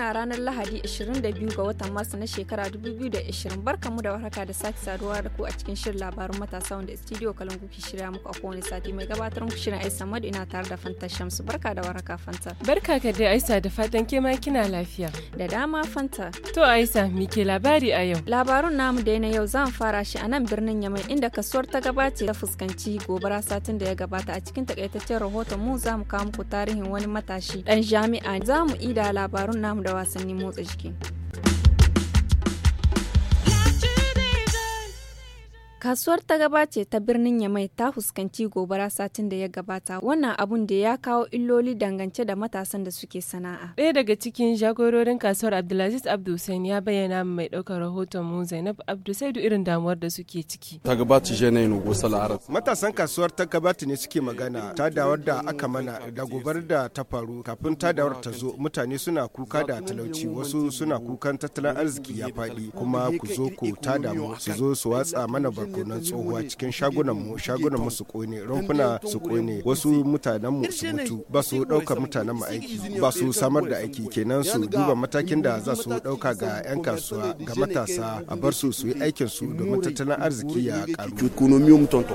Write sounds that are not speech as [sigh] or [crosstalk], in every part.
muna ranar Lahadi 22 ga watan Masu na shekara 2020 kamu da warhaka da sake saduwa da ku a cikin shirin labarun matasa wanda studio Kalangu ke shirya muku a kowane sati mai gabatar muku shirin Aisa Madu ina tare da Fanta Shamsu barka da warhaka Fanta. Barka ka dai Aisa da fatan ke ma kina lafiya. Da dama Fanta. To Aisa mi ke labari a yau? Labarun namu da na yau zan fara shi a nan birnin Yamai inda kasuwar ta gabace ta fuskanci gobara satin da ya gabata a cikin takaitaccen rahoton mu za mu kawo muku tarihin wani matashi dan jami'a za mu ida labarun namu da оставаться мне муточки. Kasuwar ta gabace ta birnin Yamai ta fuskanci gobara satin da ya gabata wannan abun da ya kawo illoli dangance da matasan da suke sana'a. Ɗaya daga cikin jagororin kasuwar Abdulaziz Abdulsain ya bayyana mai ɗaukar rahoton mu Zainab Abdulsaidu irin damuwar da suke ciki. Ta gabace Jenayin Ugosa Arab. Matasan kasuwar ta gabace ne suke magana ta dawar da aka mana da gobar da ta faru kafin ta dawar ta zo mutane suna kuka da talauci wasu suna kukan tattalin arziki ya faɗi kuma ku zo ku ta damu su zo su watsa mana babu. na tsohuwa cikin shagunan mu shagunan mu su kone rumfuna su kone wasu mutanen mu su mutu ba su dauka mutanen aiki ba su samar da aiki kenan su duba matakin da za su dauka ga yan kasuwa ga matasa a bar su su yi aikin su domin tattalin arziki ya karu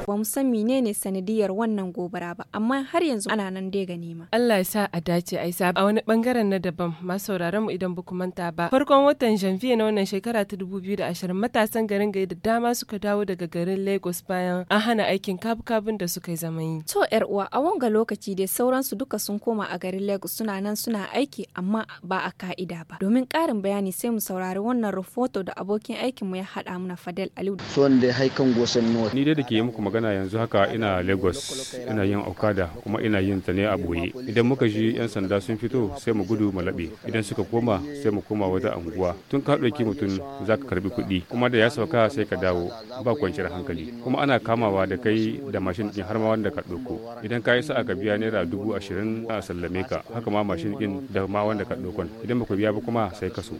ba mu san menene sanadiyar wannan gobara ba amma har yanzu ana nan dai ga nema Allah ya sa a dace aisa a wani bangaren na daban masu mu idan buku manta ba farkon watan janvier na wannan shekara ta 2020 matasan garin gai da dama suka dawo daga daga garin Lagos bayan an hana aikin kabkabin da suka yi zaman yi. To yar uwa a wanga lokaci dai sauransu duka sun koma a garin Lagos suna nan suna aiki amma ba a ka'ida ba. Domin ƙarin bayani sai mu saurari wannan rahoto da abokin aikin mu ya haɗa mana Fadel Aliyu. Son dai haikan gosan Ni dai da ke yi muku magana yanzu haka ina Lagos ina yin Okada kuma ina yin ta ne a boye. Idan muka ji 'yan sanda sun fito sai mu gudu mu laɓe. Idan suka koma sai mu koma wata anguwa. Tun ka ɗauki mutum za ka karbi kuɗi kuma da ya sauka sai ka dawo ba kwanci kwanciyar hankali kuma ana kamawa da kai da mashin din har ma wanda ka ɗauko idan ka yi sa'a ka biya naira dubu ashirin a sallame ka haka ma mashin din da ma wanda ka ɗaukon idan ba ku biya ba kuma sai ka so.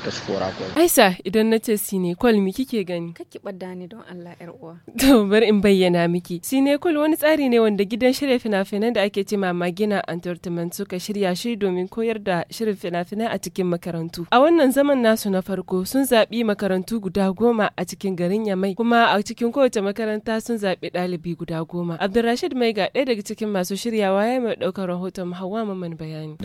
aisa idan na ce sinekol mi kike gani? ki ɓadda ni don Allah yar uwa. [laughs] To bar in bayyana miki. Sinekol wani tsari ne wanda gidan shirya fina finai da ake ce magina entertainment suka shirya shi domin koyar da shirin fina-finai a cikin makarantu. A wannan zaman nasu na farko sun zaɓi makarantu guda goma a cikin garin Yamai kuma a cikin ko kowace makaranta sun zaɓi ɗalibi guda goma. Abdulrashid ga ɗaya daga cikin masu shiryawa ya yi mai ɗaukar rahoton Hauwa Maman bayani.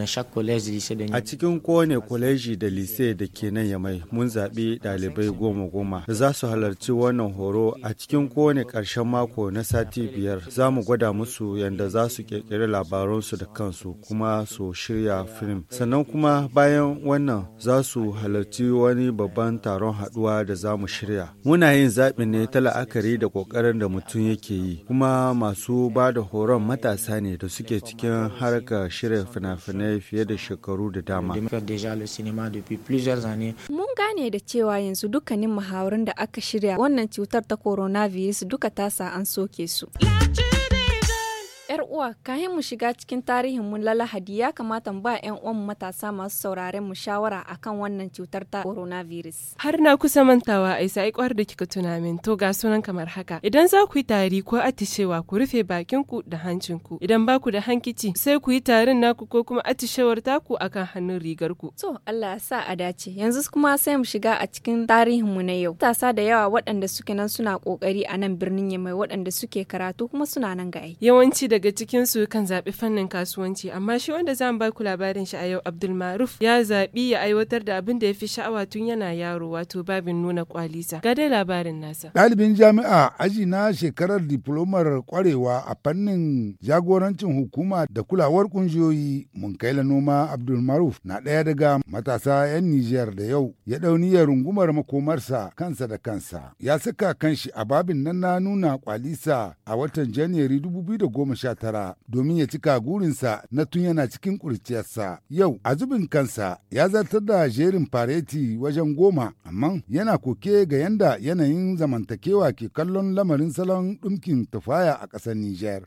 A cikin kowane kwaleji da lise da ke nan Yamai mun zaɓi ɗalibai goma goma da za su halarci wannan horo a cikin kowane ƙarshen mako na sati biyar za mu gwada musu yadda za su ƙirƙiri labaransu da kansu kuma su shirya fim. Sannan kuma bayan wannan za su halarci wani babban taron haɗuwa da za mu shirya. Muna yin zaɓi ne ta la'akari la'akari da ƙoƙarin da mutum yake yi kuma masu ba da horon matasa ne da suke cikin harka shirya fina-finai fiye da shekaru da dama. Mun gane da cewa yanzu dukkanin muhawarin da aka shirya wannan cutar ta coronavirus duka tasa an soke su. 'yar uwa kayan mu shiga cikin tarihin mu lalahadi ya kamata ba 'yan uwan matasa masu sauraren mu shawara akan wannan cutar ta coronavirus. Har na kusa mantawa a isa ikwar da kika tuna min to ga sunan kamar haka. Idan za ku yi tari ko atishewa ku rufe bakin ku da hancin ku. Idan ba ku da hankici sai ku yi tarin naku ko kuma atishewar taku akan hannun rigar ku. To Allah sa a dace. Yanzu kuma sai mu shiga a cikin tarihin mu na yau. Matasa da yawa waɗanda suke nan suna kokari a nan birnin Yamai waɗanda suke karatu kuma suna nan ga Yawanci da daga cikinsu kan zaɓi fannin kasuwanci, amma shi wanda zan baku ku labarin shi a yau abdul maruf ya zaɓi ya aiwatar da abin da ya fi sha'awa tun yana yaro wato babin nuna kwalisa. Ga dai labarin nasa. Ɗalibin jami'a aji na shekarar diplomar kwarewa a fannin jagorancin hukuma da kulawar mun kai la Noma abdul maruf na ɗaya daga matasa 'yan Nijar da yau ya ɗauni ya rungumar makomarsa kansa da kansa. Ya saka kanshi a babin nan na nuna kwalisa a watan Janairu 2010 tara domin ya cika gurinsa na tun yana cikin kurciyarsa Yau a zubin kansa ya zartar da jerin fareti wajen goma amma yana koke ga yanda yanayin zamantakewa ke kallon lamarin salon ɗumkin tufaya a ƙasar Nijar.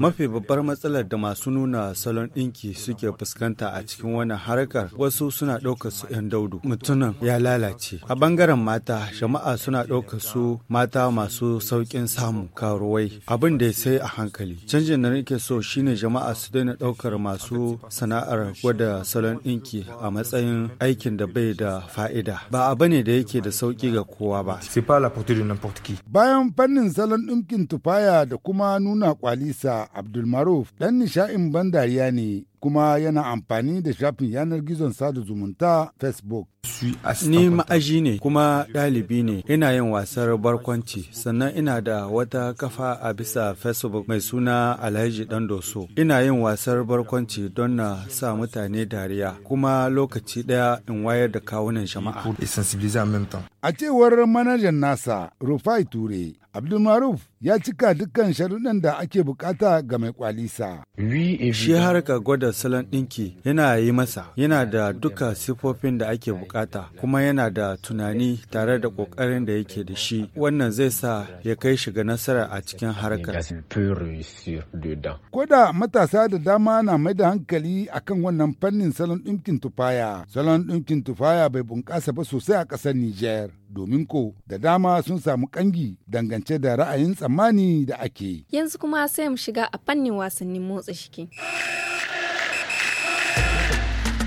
Mafi babbar matsalar da masu nuna salon ɗinki suke fuskanta a cikin wannan harkar wasu suna ɗaukar su 'yan daudu mutumin ya lalace. A bangaren mata jama'a suna ɗaukar su mata masu sauƙin samu karuwai abin da sai a hankali Canjin da nake so shine jama'a su daina ɗaukar masu sana'ar gwada salon ɗinki a matsayin aikin da bai da fa'ida. Ba a ne da yake da sauki ga kowa ba. Bayan fannin salon ɗinkin tufaya da kuma nuna kwalisa Abdulmaruf ɗan nishain ban dariya ne kuma yana amfani da shafin yanar gizon sada zumunta facebook ni ma'aji ne kuma ɗalibi ne ina yin wasar barkwanci sannan ina da wata kafa a bisa facebook mai suna alhaji dan doso ina yin wasar barkwanci don na sa mutane dariya kuma lokaci ɗaya in wayar da kawunan jama'a A cewar manajan nasa Rufai Ture, Abdulmaruf ya cika dukkan sharuɗan da ake bukata ga mai kwalisa. Shi harka gwada salon ɗinki yana yi masa, yana da duka siffofin da ake bukata, kuma yana da tunani tare da ƙoƙarin da yake da shi. Wannan zai sa ya kai shi ga nasara a cikin harkar. Koda matasa da dama na mai da hankali akan wannan fannin salon ɗinkin tufaya. Salon ɗinkin tufaya bai bunƙasa ba sosai a ƙasar Nijar. domin ko da dama sun samu kangi dangance da ra'ayin tsammani da ake. Yanzu kuma sai mu shiga a fannin wasannin motsa shike.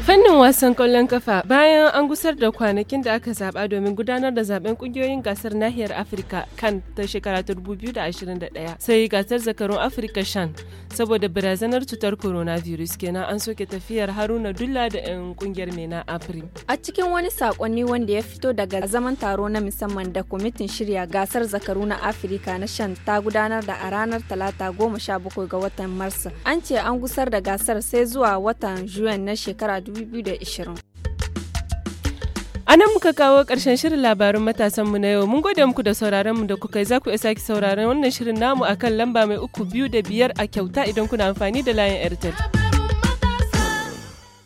Fannin wasan kwallon kafa bayan an gusar da kwanakin da aka zaba domin gudanar da zaben kungiyoyin gasar nahiyar Afirka kan ta shekara ta 2021 sai gasar zakarun Afirka shan saboda barazanar cutar coronavirus kenan an soke tafiyar Haruna Dulla da 'yan kungiyar MENA Afrim. A cikin wani sakonni wanda ya fito daga zaman taro na musamman da kwamitin shirya gasar zakaru na Afirka na shan ta gudanar da a ranar talata goma sha bakwai ga watan Mars an ce an gusar da gasar sai zuwa watan Juyan na shekara 2020. A nan muka kawo ƙarshen shirin labarin matasanmu na yau. Mun gode muku da sauraron mu da kuka yi za ku iya sake sauraron wannan shirin namu akan lamba mai uku biyu da biyar a kyauta idan kuna amfani da layin Airtel.